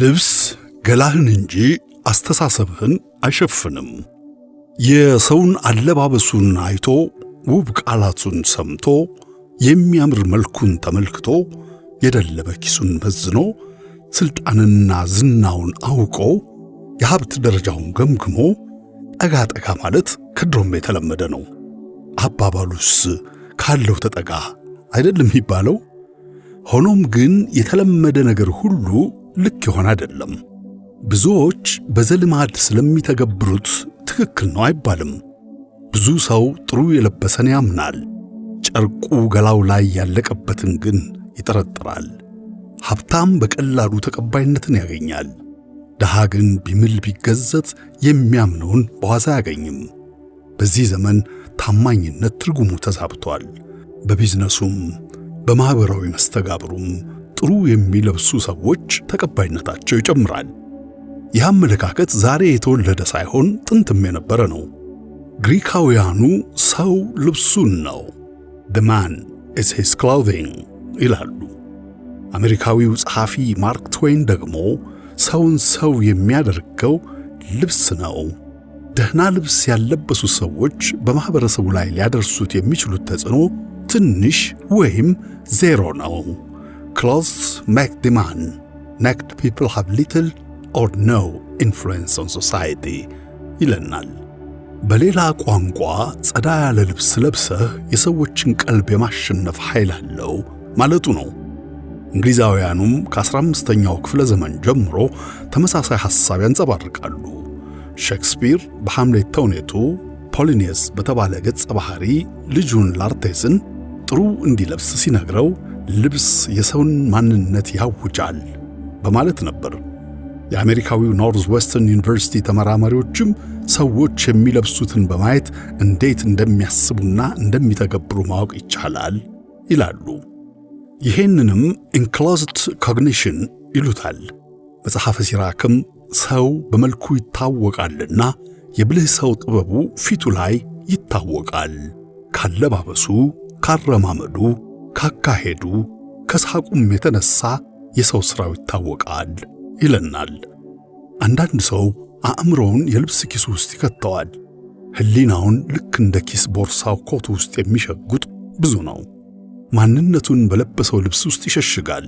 ልብስ ገላህን እንጂ አስተሳሰብህን አይሸፍንም። የሰውን አለባበሱን አይቶ ውብ ቃላቱን ሰምቶ የሚያምር መልኩን ተመልክቶ የደለበ ኪሱን መዝኖ ሥልጣንና ዝናውን አውቆ የሀብት ደረጃውን ገምግሞ ጠጋ ጠጋ ማለት ከድሮም የተለመደ ነው። አባባሉስ ካለው ተጠጋ አይደለም የሚባለው? ሆኖም ግን የተለመደ ነገር ሁሉ ልክ የሆነ አይደለም። ብዙዎች በዘልማድ ስለሚተገብሩት ትክክል ነው አይባልም። ብዙ ሰው ጥሩ የለበሰን ያምናል፣ ጨርቁ ገላው ላይ ያለቀበትን ግን ይጠረጥራል። ሀብታም በቀላሉ ተቀባይነትን ያገኛል። ድሃ ግን ቢምል ቢገዘት የሚያምነውን በዋዛ አያገኝም። በዚህ ዘመን ታማኝነት ትርጉሙ ተዛብቷል። በቢዝነሱም በማኅበራዊ መስተጋብሩም ጥሩ የሚለብሱ ሰዎች ተቀባይነታቸው ይጨምራል። ይህ አመለካከት ዛሬ የተወለደ ሳይሆን ጥንትም የነበረ ነው። ግሪካውያኑ ሰው ልብሱን ነው the man is his clothing ይላሉ። አሜሪካዊው ጸሐፊ ማርክ ትዌይን ደግሞ ሰውን ሰው የሚያደርገው ልብስ ነው። ደህና ልብስ ያለበሱ ሰዎች በማኅበረሰቡ ላይ ሊያደርሱት የሚችሉት ተጽዕኖ ትንሽ ወይም ዜሮ ነው Clothes make demand. Necked people have little or no influence on society ይለናል። በሌላ ቋንቋ ጸዳ ያለ ልብስ ለብሰህ የሰዎችን ቀልብ የማሸነፍ ኃይል አለው ማለቱ ነው። እንግሊዛውያኑም ከ15ኛው ክፍለ ዘመን ጀምሮ ተመሳሳይ ሐሳብ ያንጸባርቃሉ። ሼክስፒር በሐምሌት ተውኔቱ ፖሊኔስ በተባለ ገጸ ባህሪ ልጁን ላርቴስን ጥሩ እንዲለብስ ሲነግረው ልብስ የሰውን ማንነት ያውጃል በማለት ነበር። የአሜሪካዊው ኖርዝ ዌስተርን ዩኒቨርሲቲ ተመራማሪዎችም ሰዎች የሚለብሱትን በማየት እንዴት እንደሚያስቡና እንደሚተገብሩ ማወቅ ይቻላል ይላሉ። ይሄንንም ኢንክሎዝድ ኮግኒሽን ይሉታል። መጽሐፈ ሲራክም ሰው በመልኩ ይታወቃልና የብልህ ሰው ጥበቡ ፊቱ ላይ ይታወቃል፣ ካለባበሱ፣ ካረማመዱ፣ ካካሄዱ ከሳቁም የተነሳ የሰው ሥራው ይታወቃል ይለናል። አንዳንድ ሰው አእምሮውን የልብስ ኪሱ ውስጥ ይከተዋል። ሕሊናውን ልክ እንደ ኪስ ቦርሳው ኮቱ ውስጥ የሚሸጉጥ ብዙ ነው። ማንነቱን በለበሰው ልብስ ውስጥ ይሸሽጋል።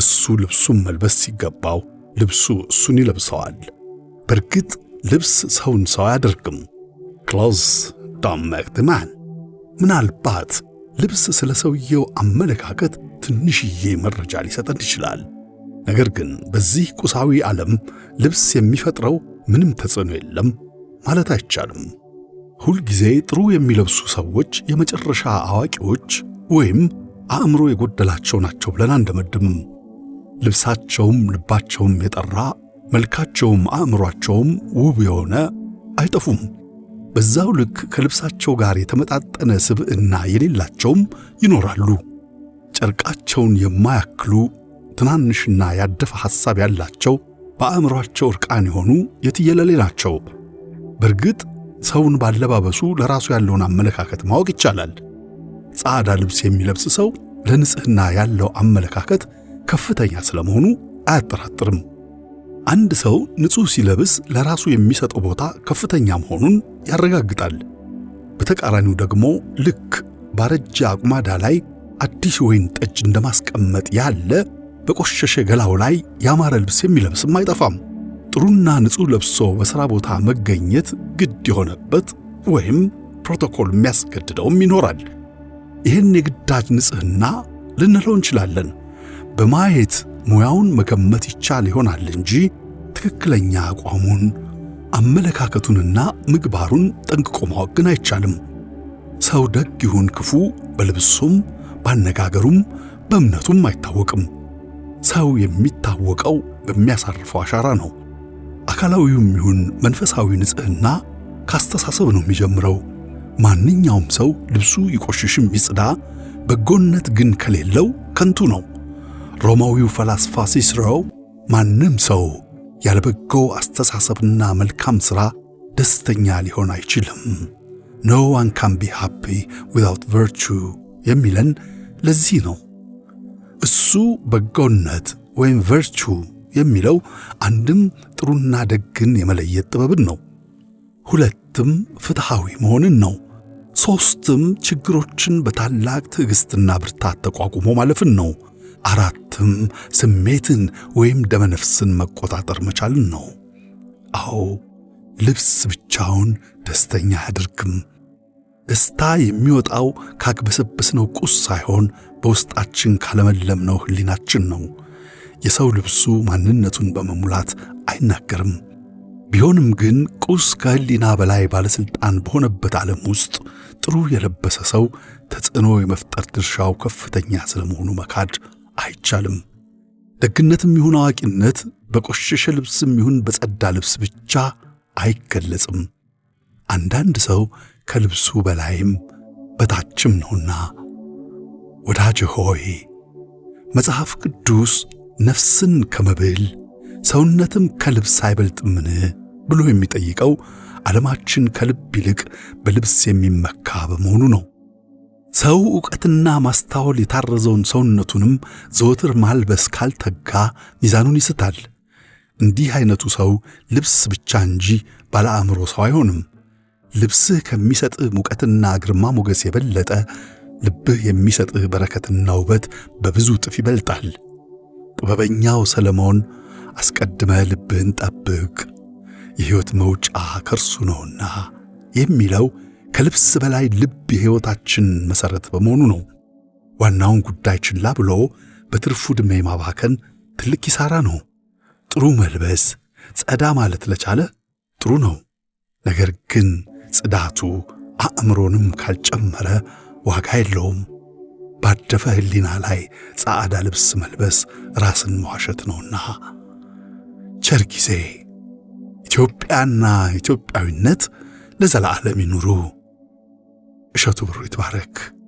እሱ ልብሱን መልበስ ሲገባው ልብሱ እሱን ይለብሰዋል። በእርግጥ ልብስ ሰውን ሰው አያደርግም። ክሎዝ ዶን ሜክ ዘ ማን ምናልባት ልብስ ስለ ሰውየው አመለካከት ትንሽዬ መረጃ ሊሰጠን ይችላል። ነገር ግን በዚህ ቁሳዊ ዓለም ልብስ የሚፈጥረው ምንም ተጽዕኖ የለም ማለት አይቻልም። ሁልጊዜ ጥሩ የሚለብሱ ሰዎች የመጨረሻ አዋቂዎች ወይም አእምሮ የጎደላቸው ናቸው ብለን አንደመድምም። ልብሳቸውም ልባቸውም የጠራ መልካቸውም አእምሯቸውም ውብ የሆነ አይጠፉም። በዛው ልክ ከልብሳቸው ጋር የተመጣጠነ ስብዕና የሌላቸውም ይኖራሉ። ጨርቃቸውን የማያክሉ ትናንሽና ያደፈ ሐሳብ ያላቸው በአእምሯቸው እርቃን የሆኑ የትየለሌ ናቸው። በእርግጥ ሰውን ባለባበሱ ለራሱ ያለውን አመለካከት ማወቅ ይቻላል። ጻዕዳ ልብስ የሚለብስ ሰው ለንጽሕና ያለው አመለካከት ከፍተኛ ስለመሆኑ አያጠራጥርም። አንድ ሰው ንጹህ ሲለብስ ለራሱ የሚሰጠው ቦታ ከፍተኛ መሆኑን ያረጋግጣል። በተቃራኒው ደግሞ ልክ ባረጀ አቁማዳ ላይ አዲስ ወይን ጠጅ እንደማስቀመጥ ያለ በቆሸሸ ገላው ላይ ያማረ ልብስ የሚለብስም አይጠፋም። ጥሩና ንጹህ ለብሶ በሥራ ቦታ መገኘት ግድ የሆነበት ወይም ፕሮቶኮል የሚያስገድደውም ይኖራል። ይህን የግዳጅ ንጽህና ልንለው እንችላለን። በማየት ሙያውን መገመት ይቻል ይሆናል እንጂ ትክክለኛ አቋሙን አመለካከቱንና ምግባሩን ጠንቅቆ ማወቅ ግን አይቻልም። ሰው ደግ ይሁን ክፉ በልብሱም ባነጋገሩም በእምነቱም አይታወቅም። ሰው የሚታወቀው በሚያሳርፈው አሻራ ነው። አካላዊውም ይሁን መንፈሳዊ ንጽሕና ካስተሳሰብ ነው የሚጀምረው። ማንኛውም ሰው ልብሱ ይቆሽሽም ይጽዳ፣ በጎነት ግን ከሌለው ከንቱ ነው። ሮማዊው ፈላስፋ ሲስሮ ማንም ሰው ያለበጎ አስተሳሰብና መልካም ሥራ ደስተኛ ሊሆን አይችልም። ኖ ዋን ካን ቢ ሃፒ ዊዛውት ቨርቹ የሚለን ለዚህ ነው። እሱ በጎነት ወይም ቨርቹ የሚለው አንድም ጥሩና ደግን የመለየት ጥበብን ነው። ሁለትም ፍትሐዊ መሆንን ነው። ሦስትም ችግሮችን በታላቅ ትዕግሥትና ብርታት ተቋቁሞ ማለፍን ነው። አራትም ስሜትን ወይም ደመነፍስን መቆጣጠር መቻልን ነው። አዎ ልብስ ብቻውን ደስተኛ አያደርግም። ደስታ የሚወጣው ካግበሰበስነው ቁስ ሳይሆን በውስጣችን ካለመለምነው ሕሊናችን ነው። የሰው ልብሱ ማንነቱን በመሙላት አይናገርም። ቢሆንም ግን ቁስ ከሕሊና በላይ ባለሥልጣን በሆነበት ዓለም ውስጥ ጥሩ የለበሰ ሰው ተጽዕኖ የመፍጠር ድርሻው ከፍተኛ ስለመሆኑ መካድ አይቻልም። ደግነትም ይሁን አዋቂነት በቆሸሸ ልብስም ይሁን በጸዳ ልብስ ብቻ አይገለጽም። አንዳንድ ሰው ከልብሱ በላይም በታችም ነውና። ወዳጅ ሆይ መጽሐፍ ቅዱስ ነፍስን ከመብል ሰውነትም ከልብስ አይበልጥምን ብሎ የሚጠይቀው ዓለማችን ከልብ ይልቅ በልብስ የሚመካ በመሆኑ ነው። ሰው ዕውቀትና ማስታወል የታረዘውን ሰውነቱንም ዘወትር ማልበስ ካልተጋ ሚዛኑን ይስታል። እንዲህ ዐይነቱ ሰው ልብስ ብቻ እንጂ ባለ ሰው አይሆንም። ልብስህ ከሚሰጥህ ሙቀትና ግርማ ሞገስ የበለጠ ልብህ የሚሰጥህ በረከትና ውበት በብዙ እጥፍ ይበልጣል። ጥበበኛው ሰለሞን አስቀድመ ልብህን ጠብቅ፣ የሕይወት መውጫ ከርሱ ነውና የሚለው ከልብስ በላይ ልብ የሕይወታችን መሠረት በመሆኑ ነው። ዋናውን ጉዳይ ችላ ብሎ በትርፉ ዕድሜ ማባከን ትልቅ ኪሳራ ነው። ጥሩ መልበስ፣ ጸዳ ማለት ለቻለ ጥሩ ነው። ነገር ግን ጽዳቱ አእምሮንም ካልጨመረ ዋጋ የለውም። ባደፈ ሕሊና ላይ ጻዕዳ ልብስ መልበስ ራስን መዋሸት ነውና። ቸር ጊዜ። ኢትዮጵያና ኢትዮጵያዊነት ለዘላለም ይኑሩ። شاتو برو يتبارك